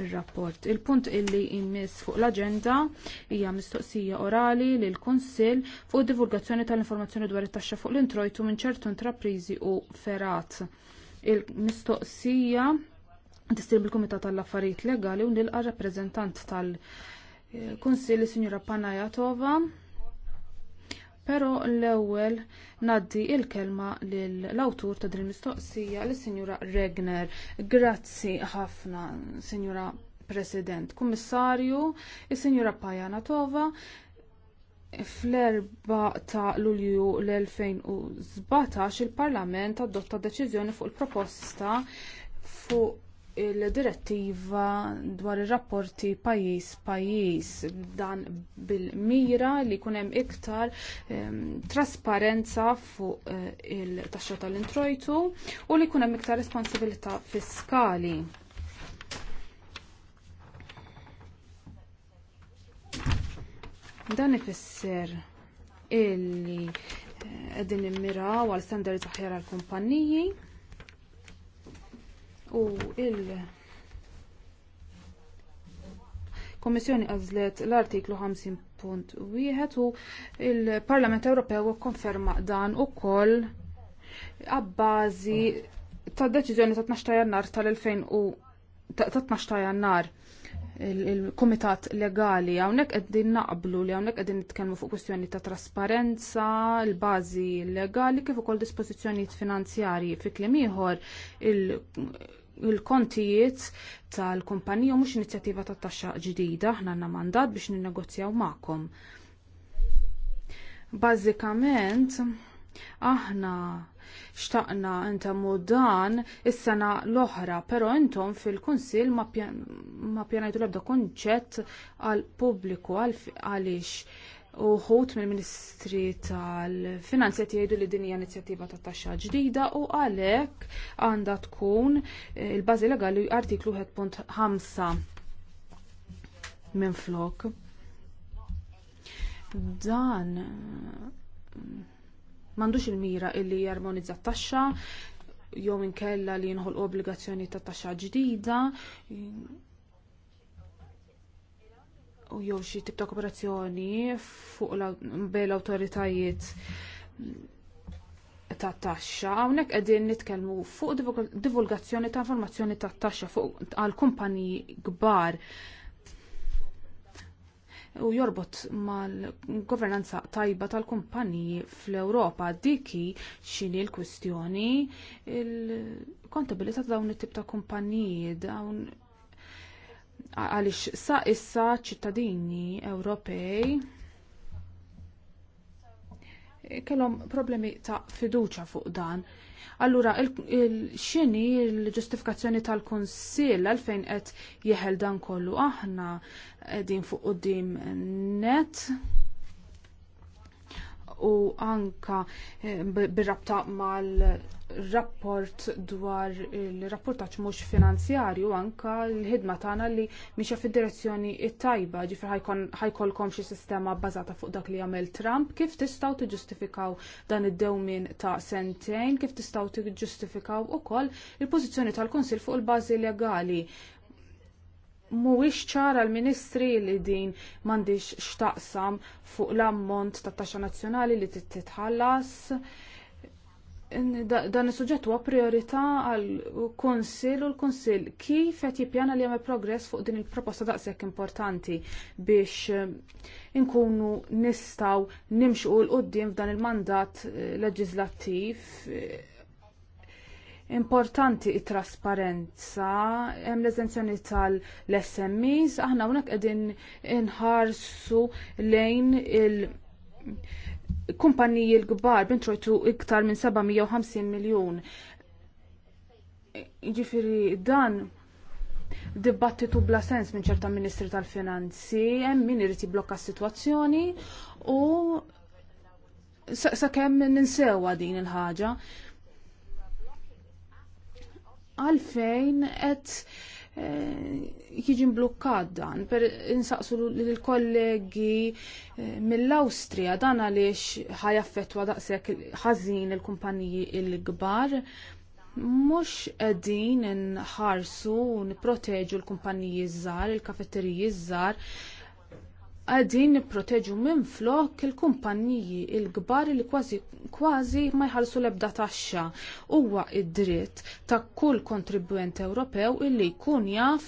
il-rapport. Il-punt illi jmiss fuq l-agenda hija mistoqsija orali lil kunsill fuq divulgazzjoni tal-informazzjoni dwar it-taxxa fuq l-introjtu minn ċertu intraprizi u ferat. Il-mistoqsija tistil bil-Kumitat tal-Affarijiet Legali u nilqa' rappreżentant tal-Kunsill, Sinjura Panajatova, Pero l-ewwel naddi il-kelma lill-awtur ta' din mistoqsija l sinjura Regner. Grazzi ħafna, Sinjura President. Kummissarju, is-Sinjura Tova, fl-4 ta' Lulju l-2017 il-Parlament adotta deċiżjoni fuq il-proposta fuq il-direttiva dwar ir rapporti pajjiż pajjiż dan bil-mira li jkun hemm iktar trasparenza fuq eh, il-taxxa tal-introjtu u li jkun hemm iktar responsabilità fiskali. Dan ifisser illi eh, qegħdin immiraw għal standards aħjar għall-kumpanniji u il- Komissjoni għazlet l-artiklu 50.1 u il-Parlament Ewropew konferma dan u koll għabbażi ta' deċiżjoni ta' 12 jannar tal-2000 ta' 12 jannar il-komitat legali għawnek għeddin naqblu li għawnek għeddin nitkelmu fuq kwestjoni ta' trasparenza, il-bazi legali kif ukoll dispożizzjonijiet finanzjarji fi kliem ieħor il-kontijiet tal-kumpanija mhux inizjattiva tat taxxa ġdida, aħna għandna mandat biex ninnegozjaw magħkom. Bażikament aħna xtaqna intemmu dan is-sena l-oħra, però intom fil-Kunsill ma pjanajtu l-ebda kunċett għal pubbliku għaliex uħut mill-Ministri tal-Finanzi qed jgħidu li din hija inizjattiva ta' taxxa ġdida u għalhekk għandha tkun eh, il-bażi legali artiklu 1.5 minn flok. Dan eh, m'għandux il-mira illi jarmonizza t-taxxa jew inkella li jinħol obbligazzjoni ta' taxxa ġdida u jew xi tip ta' kooperazzjoni fuq bejn l-awtoritajiet ta' taxxa, hawnhekk qegħdin nitkellmu fuq divulgazzjoni ta' informazzjoni ta' taxxa fuq għal kumpaniji kbar u jorbot mal-governanza tajba tal-kumpaniji fl-Ewropa diki xini l-kwistjoni il-kontabilità ta' dawn it-tip ta' kumpaniji dawn għaliex sa issa ċittadini Ewropej kellhom problemi ta' fiduċa fuq dan. Allura, x'inhi l-ġustifikazzjoni tal-Kunsill għalfejn qed jeħel dan kollu aħna qegħdin fuq quddiem net u anka eh, bir-rabta mal-rapport dwar il-rapportaċ mhux finanzjarju anka l-ħidma tagħna li miexa fid-direzzjoni it-tajba ġifir ħajkolkom xi sistema bbażata fuq dak li jagħmel Trump, kif tistaw tiġġustifikaw dan id-dewmin ta' sentejn, kif tistgħu tiġġustifikaw ukoll il-pożizzjoni tal-Kunsill fuq il-bażi legali mhuwiex ċara l-Ministri li din m'għandix x'taqsam fuq l-ammont tat taxxa nazzjonali li titħallas. Dan is-suġġett huwa priorità għal kunsill u l-Kunsill kif qed jippjana li jagħmel progress fuq din il-proposta daqshekk importanti biex eh, inkunu nistgħu nimxu l qudiem f'dan il-mandat eh, leġislattiv eh, Importanti it-trasparenza, hemm l-eżenzjoni tal-SMEs, aħna hawnhekk qegħdin inħarsu lejn il- kumpaniji l-kbar bintrojtu iktar minn 750 miljun. Ġifiri dan dibattitu bla sens minn ċerta ministri tal-finanzi, hemm min irid jiblokka s-sitwazzjoni u sakemm ninsewa din il-ħaġa għalfejn qed eh, jiġi mblukkat dan. Per insaqsu l-kollegi eh, mill-Awstrija dan għaliex ħajaffettwa daqshekk ħażin il-kumpaniji l-kbar mhux qegħdin nħarsu nipproteġu l-kumpaniji żar, il-kafetteriji żgħar għadin nipproteġu minn flok il-kumpanniji il-gbar li kważi kważi ma jħallsu l-ebda taxxa. Huwa id-dritt ta' kull kontribwent Ewropew illi jkun jaf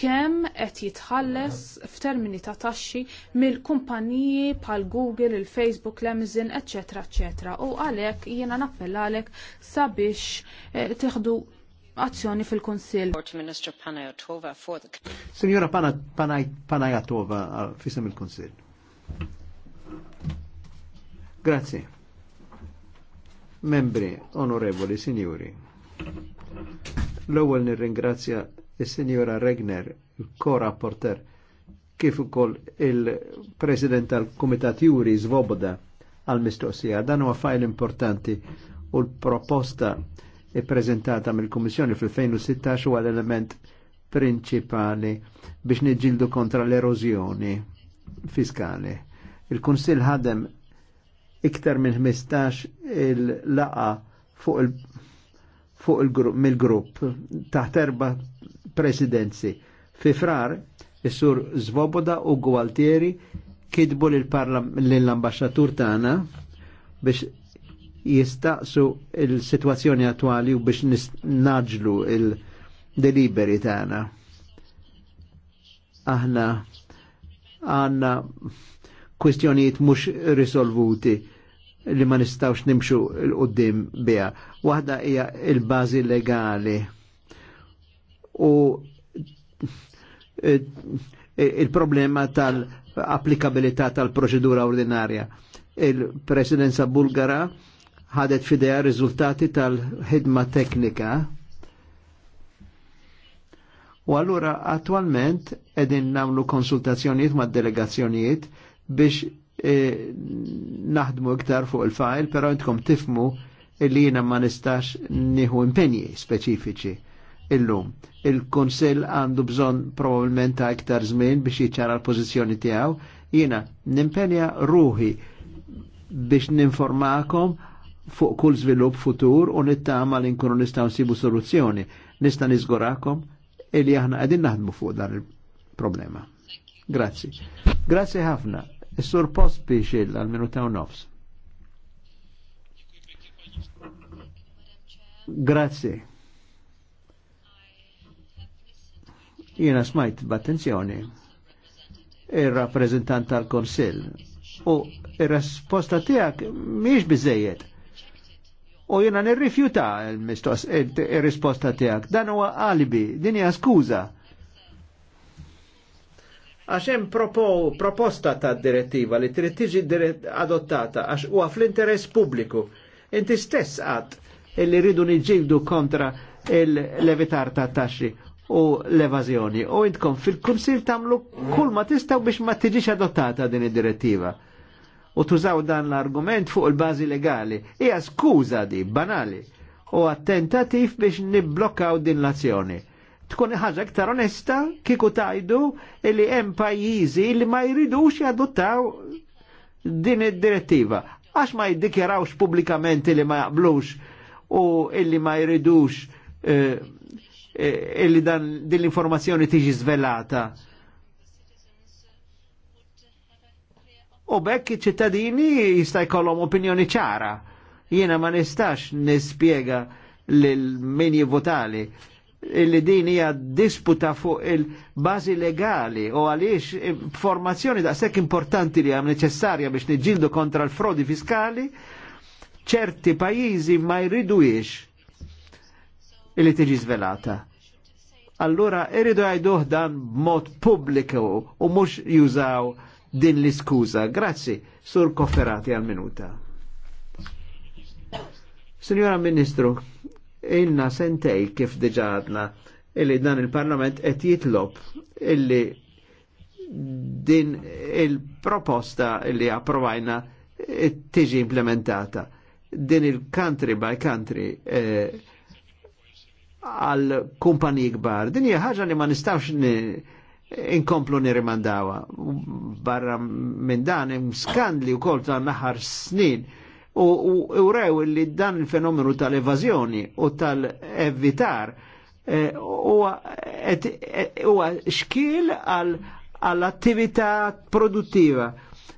kemm qed jitħalles f'termini ta' taxxi mill-kumpaniji bħal Google, il-Facebook, l-Amazon, eċetera, eċetera. U għalhekk jiena nappellalek sabiex eh, tieħdu azzjoni fil-Konsil. Signora Panajatova ah, fisem il-Konsil. Grazie. Membri, onorevoli, signori. L-ewwel nirringrazzja il-signora Regner, il-ko-rapporter, kif ukoll il-President tal-Kumitat Juri Svoboda għal-mistoqsija. Dan huwa fajl importanti u l-proposta prezentata mill-Kummissjoni fil-2016 huwa l-element prinċipali biex niġildu kontra l-erożjoni fiskali. Il-Kunsill ħadem iktar minn 15 il-laqa fuq il fuq il-grupp mill-grupp taħt erba presidenzi. Fi frar is-sur Zvoboda u Gualtieri kidbu lill ambasġatur tagħna biex jistaqsu il-situazzjoni attuali u biex naġlu il-deliberi tagħna. Aħna għanna kwestjonijiet mhux risolvuti li ma nistawx nimxu l-qoddim biha. Waħda hija il-bażi legali. U il-problema tal-applikabilità tal-proċedura ordinarja. Il-presidenza bulgara ħadet fidea riżultati tal-ħidma teknika. U allura attualment edin namlu konsultazzjonijiet ma' delegazzjonijiet biex e, naħdmu iktar fuq il-fajl, pero intkom tifmu illi jina ma nistax nieħu impenji speċifiċi illum. Il-Konsil għandu bżon probabilment ta' iktar żmien biex jiċċara l-pożizzjoni tiegħu, jiena nimpenja ruħi biex ninformakom fuq kull żvilupp futur u nittama li nkunu nistgħu nsibu soluzzjoni. Nista' niżgurakom illi aħna qegħdin naħdmu fuq dan il-problema. Grazzi. Grazzi ħafna. Is-sur post biex għal minuta u nofs. Grazzi. Jiena smajt b'attenzjoni ir-rappreżentant tal-Konsill u ir-resposta tiegħek mhix biżejjed u jena nirrifjuta il-risposta tijak. Dan huwa alibi, din hija skuża. Għaxem proposta ta' direttiva li trid tiġi adottata għax huwa fl-interess pubbliku. Inti stess għad illi ridu niġildu kontra il-levitar ta' taxxi u l-evazjoni. U intkom fil-kumsil tamlu kull ma tistaw biex ma tiġiġ adottata din id-direttiva u tużaw dan l-argument fuq il-bazi legali. Ija skuża di, banali, u attentativ biex niblokkaw din l-azzjoni. Tkun ħaġa ktar onesta kieku tajdu li hemm pajjiżi li ma jridux jadottaw din id-direttiva. Għax ma jiddikjarawx pubblikament li ma jaqblux u illi ma jridux eh, eh, illi dan din l-informazzjoni tiġi zvelata. u bekk iċ-ċittadini jista' jkollhom opinjoni ċara. Jiena ma nistax nispjega lil min jivvotali illi din hija disputa fuq il-bażi legali u għaliex formazzjoni daqshekk importanti li hemm neċessarja biex niġġieldu kontra l-frodi fiskali, ċerti pajjiżi ma jridux illi tiġi svelata. Allura irridu jgħiduh dan b'mod pubbliku u mhux jużaw din l-iskuża. Grazzi, sur kofferati għal minuta. Signora Ministru, inna sentej kif diġadna illi dan il-Parlament qed jitlob illi din il-proposta illi approvajna tiġi implementata. Din il-country by country eh, għal eh, kumpaniji Din hija ħaġa li ma nistawx inkomplu nirimandawa. Barra minn dan, skandli u kol tal-naħar snin u rew li dan il-fenomenu tal-evazjoni u tal-evitar eh, u eh, xkil għall-attività produttiva.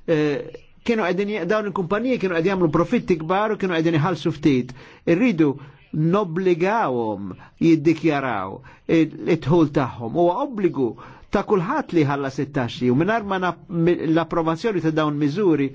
Eh, kienu għedin, dawn il-kumpaniji kienu għedin jamlu profitti kbar u kienu għedin jħalsu ftit. Irridu nobbligawhom jiddikjaraw it-tħul tagħhom. Huwa obbligu ta' kulħadd li ħalla 16 u mingħajr ma l-approvazzjoni ta' dawn miżuri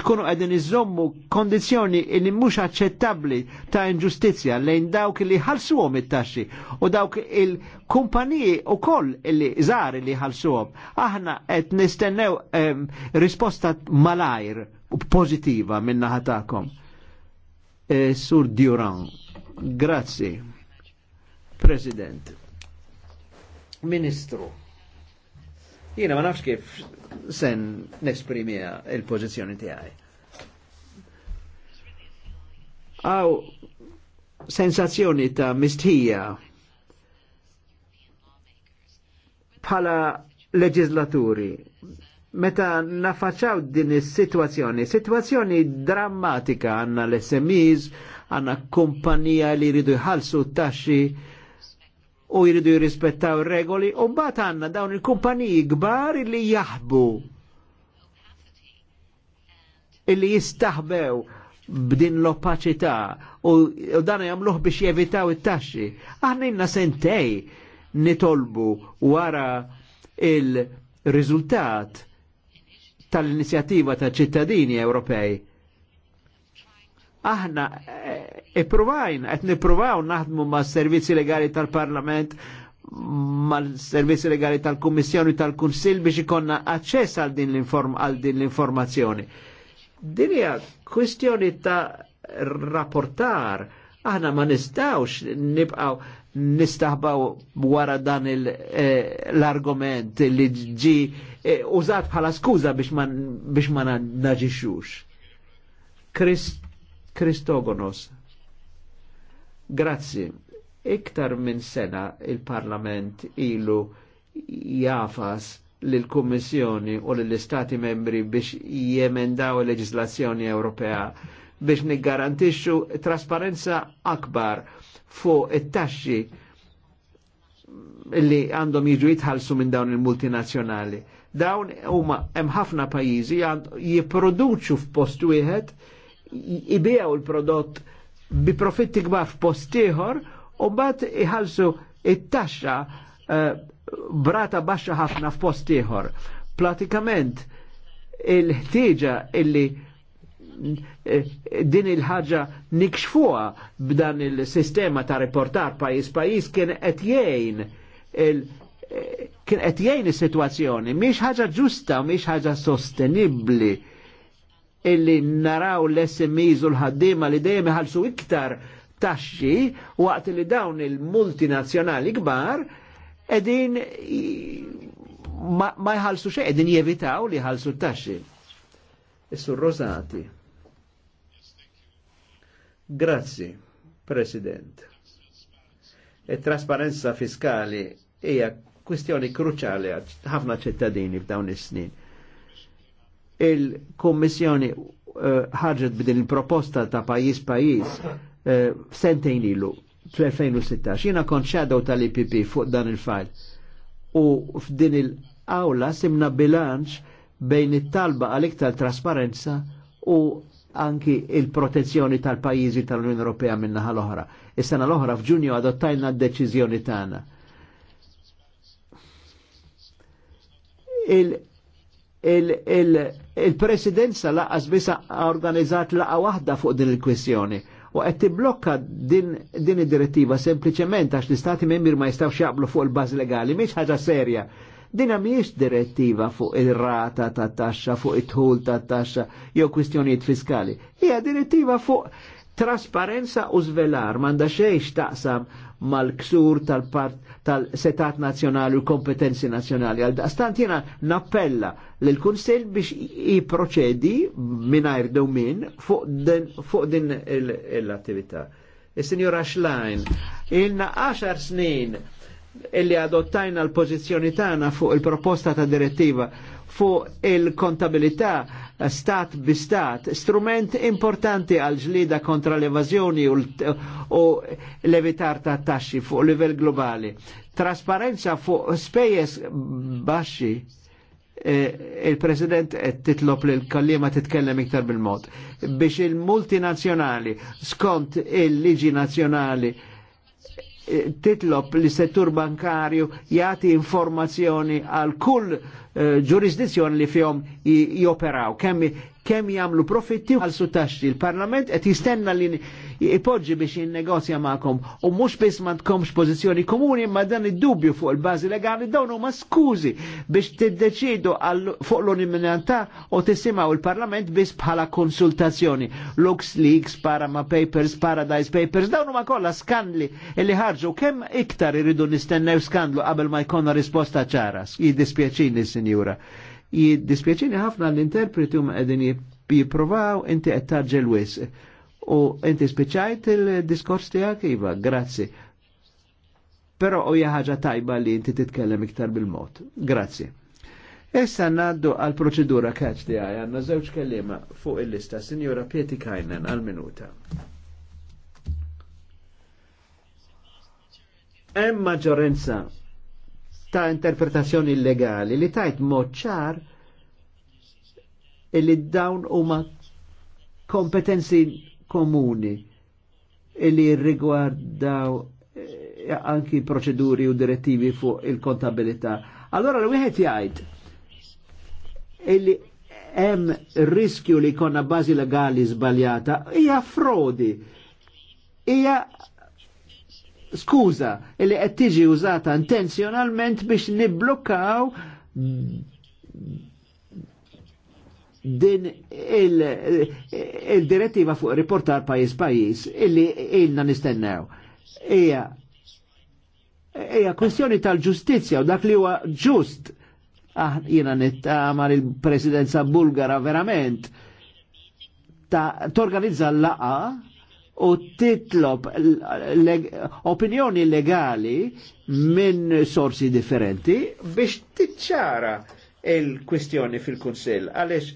tkunu qegħdin iżommu kondizzjoni li mhux aċċettabbli ta' inġustizzja lejn dawk li għom it-taxxi u dawk il-kumpaniji ukoll li żgħar li għom. Aħna qed nistennew ehm, risposta malajr pozitiva minna ħatakom. E, eh, sur Durand. Grazzi. President. Ministru. Jina ma nafx kif sen nesprimija il-pożizzjoni tiegħi. Għaw sensazzjoni ta' mistħija pala leġislaturi meta nafaċaw din is-sitwazzjoni, sitwazzjoni drammatika għanna l-SMEs, għanna kumpanija li ridu jħalsu taxxi u jridu jirrispettaw regoli u bat għanna dawn il-kumpaniji gbar li jaħbu illi jistaħbew b'din l-opacità u, u dan jamluħ biex jevitaw it-taxxi. Aħna inna sentej nitolbu wara il-riżultat tal-inizjattiva ta' ċittadini Ewropej aħna eh, ipprovajn, qed nippruvaw naħdmu mas servizzi legali tal-Parlament mal-servizzi legali tal-Kummissjoni tal-Kunsill biex ikonna aċċess għal din l-informazzjoni. Dinja hija kwistjoni ta' rapportar, aħna ma nistawx nibqaw nistaħbaw wara dan eh, l-argument li ġi eh, użat bħala skuza biex ma naġiċux. Krist Kristogonos. Grazzi. Iktar minn sena il-Parlament ilu jafas l-Kummissjoni u l-Istati membri biex jemendaw il-leġislazzjoni Ewropea biex niggarantixxu trasparenza akbar fuq it-taxxi li għandhom jiġu jitħallsu minn dawn il-multinazzjonali. Dawn huma hemm ħafna pajjiżi jipproduċu f'post wieħed ibijaw il-prodott bi profitti kbar f'post ieħor u bat iħallsu it-taxxa eh, brata baxxa ħafna f'post ieħor. Pratikament il-ħtieġa illi eh, din il-ħaġa nikxfuha b'dan il-sistema ta' reportar pajis pajis kien qed jgħin eh, kien qed jgħin is-sitwazzjoni mhix ħaġa ġusta, mhix ħaġa sostenibbli illi naraw l-SMEs u l-ħaddima li dejjem iħallsu iktar taxxi waqt li dawn il-multinazzjonali kbar edin ma, ma jħalsu qegħdin edin jevitaw li jħalsu taxxi. Issu Rosati. Grazzi, President. Il-trasparenza e fiskali hija kwistjoni kruċali għal ħafna ċittadini f'dawn is-snin Il-Kommissjoni eh, ħarġet uh, bidin il-proposta ta' pajis pajis uh, eh, sentejn ilu, 2016. Jina kont shadow tal-IPP fuq dan il-fajl. U f'din il-awla simna bilanċ bejn it-talba għalik tal-trasparenza u anki il-protezzjoni tal-pajizi tal-Unjoni Ewropea minnaħa l-oħra. Is-sena l-oħra f'Ġunju adottajna d-deċiżjoni tagħna il-presidenza il, il laqas bisa organizzat laqa wahda fuq din il-kwistjoni u qed blokka din, din id-direttiva sempliciment għax l-istati membri ma jistawx jaqblu fuq il baz legali, miex ħaġa serja. Din mhijiex direttiva fuq il rata ta' taxxa, fuq it-tħul ta' taxxa jew kwistjonijiet fiskali. Hija direttiva fuq trasparenza u zvelar, manda xejx taqsam mal-ksur tal-part tal-setat nazjonali u kompetenzi nazjonali. Għal-dastant jena nappella l-Kunsel biex jiproċedi minnajr domin fuq din, fuq din l-attività. Il-Signora e, Schlein, in 10 snin illi adottajna l-pozizjoni tana fuq il-proposta ta' direttiva fuq il-kontabilità stat bi stat, strument importanti għal ġlida kontra l-evazjoni u l-evitar ta' taxxi fuq livell globali. Trasparenza fuq spejjeż baxxi e, il-President qed titlob li l-kallima titkellem iktar bil-mod. Biex il-multinazzjonali skont il-liġi nazzjonali e, titlob li settur bankarju jati informazzjoni għal kull Eh, ġurisdizzjoni li fihom joperaw, kemm kemm jagħmlu profitti għal sutaxxi. Il-Parlament qed jistenna li ipoġġi biex jinnegozja magħkom u mhux biss ma tkomx pożizzjoni komuni ma dan id-dubju fuq il-bażi legali dawn huma skużi biex tiddeċidu fuq l-unanimità u tisimgħu il-Parlament biss bħala konsultazzjoni. Lux Leaks, Parama Papers, Paradise Papers, dawn huma kollha skandli li ħarġu kemm iktar iridu nistennew skandlu qabel ma jkollna risposta ċara. Jiddispjaċini, sin sinjura. Jiddispjaċini ħafna l-interpreti huma għedin jiprovaw inti qed l-wis. U inti speċajt il-diskors tiegħek iva, grazzi. Pero u ħaġa tajba li inti titkellem iktar bil mot Grazzi. Issa naddu għal proċedura kaċ di għaj, għanna zewċ kellima fuq il-lista, Signora Pieti Kajnen, għal minuta. Hemm maġġorenza ta' interpretazzjoni illegali li tajt moċċar illi dawn huma kompetenzi komuni illi rigwardaw eh, anki proċeduri u direttivi fuq il-kontabilità. Allora l-wieħed jgħid illi hemm riskju li jkollna bażi legali żbaljata hija frodi. Hija skuża li qed tiġi użata intenzjonalment biex nibblukkaw din il-direttiva il fuq riportar pajis pajis illi ilna nistennew. Ija, ija kwestjoni tal-ġustizja u dak li huwa ġust. Ah, jina nittamal il-presidenza bulgara verament ta' torganizza l-laqa u titlob opinjoni legali minn sorsi differenti biex titċara il-kwistjoni fil-Kunsill. Għalix,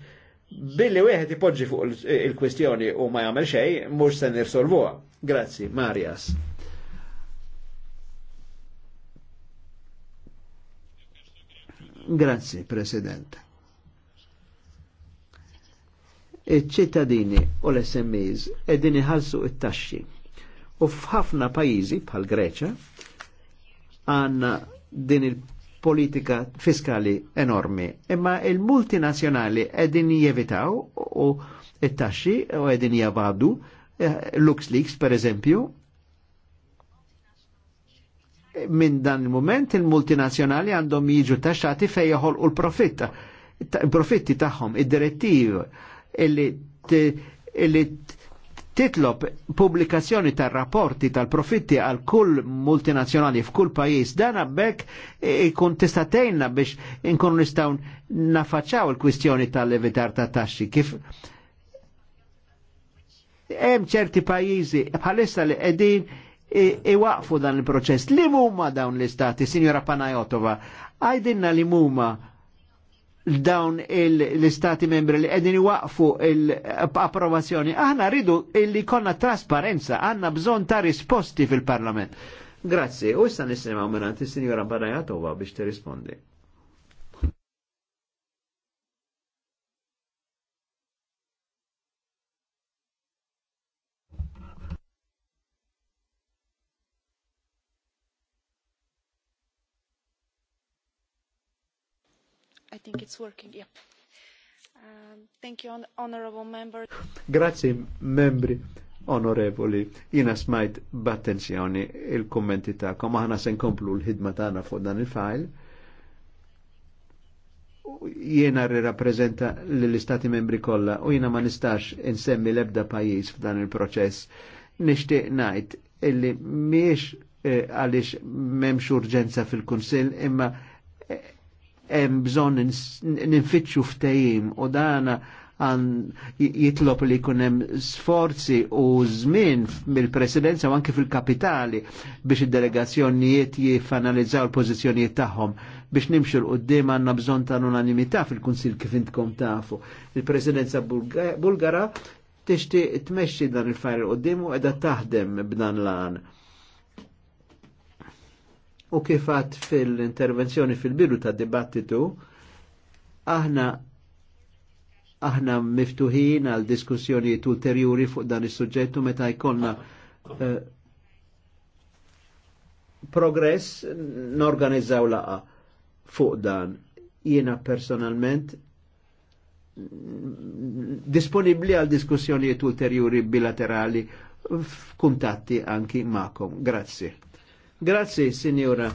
billi wieħed ipoġġi fuq il-kwistjoni u ma jagħmel xejn, mhux se nirsolvuha. Grazzi, Marjas. Grazzi, Presidente il ċittadini u l-SMEs edin iħalsu il taxxi U f'ħafna pajizi bħal Greċa għanna din il-politika fiskali enormi, imma il-multinazjonali edin jevitaw u il taxxi u edin javadu eh, LuxLeaks per eżempju, minn dan il-moment il-multinazjonali għandhom jiġu taxxati fejjaħol u l-profitta. Il-profitti tagħhom, id-direttiv, il profitti tagħhom id direttivi illi titlob pubblikazzjoni tar rapporti tal-profitti għal kull multinazzjonali f'kull pajis, dan bekk ikun tista' tgħinna biex inkun nistgħu nafaċċaw il-kwistjoni tal-levitar ta' taxxi. Kif hemm ċerti pajjiżi bħalissa li qegħdin iwaqfu dan il-proċess. Li huma dawn l-istati, Sinjora Panajotova, għajdinna li huma dawn l-istati membri li għedin waqfu l-approvazzjoni. Aħna rridu illi konna trasparenza, għanna bżon ta' risposti fil-parlament. Grazie. u issa nisimaw minnanti, signora Barajatova, biex te rispondi. think it's working, um, thank you, honorable member. Grazie, membri onorevoli. Jina smajt b'attenzjoni il-kommenti kom. aħna se nkomplu l-ħidma tagħna fuq dan il-fajl. Jiena rirrappreżenta l-istati membri kollha u jiena ma nistax insemmi l-ebda pajjiż f'dan il-proċess. Nixtieq ngħid illi miex eh, għaliex m'hemmx urġenza fil-Kunsill imma hemm bżonn ninfittxu ftehim u dan għan jitlob li kunem sforzi u żmien mill-presidenza u anke fil-kapitali biex id-delegazzjonijiet jifanalizzaw l-pozizjonijiet tagħhom biex nimxu l-qoddim għanna bżon ta' unanimità fil-Kunsil kif intkom tafu. Il-presidenza Bulgara tixtieq tmexxi dan il-fajr qoddim u qiegħda taħdem b'dan l-għan u kifat fil-intervenzjoni fil biru ta' dibattitu, aħna aħna miftuħin għal diskussjonijiet ulterjuri fuq dan is-suġġettu meta jkollna eh, progress norganizzaw laqa fuq dan. Jiena personalment disponibli għal diskussjonijiet ulterjuri bilaterali f'kuntatti anki ma'kom. Grazzi. Grazie, Signora.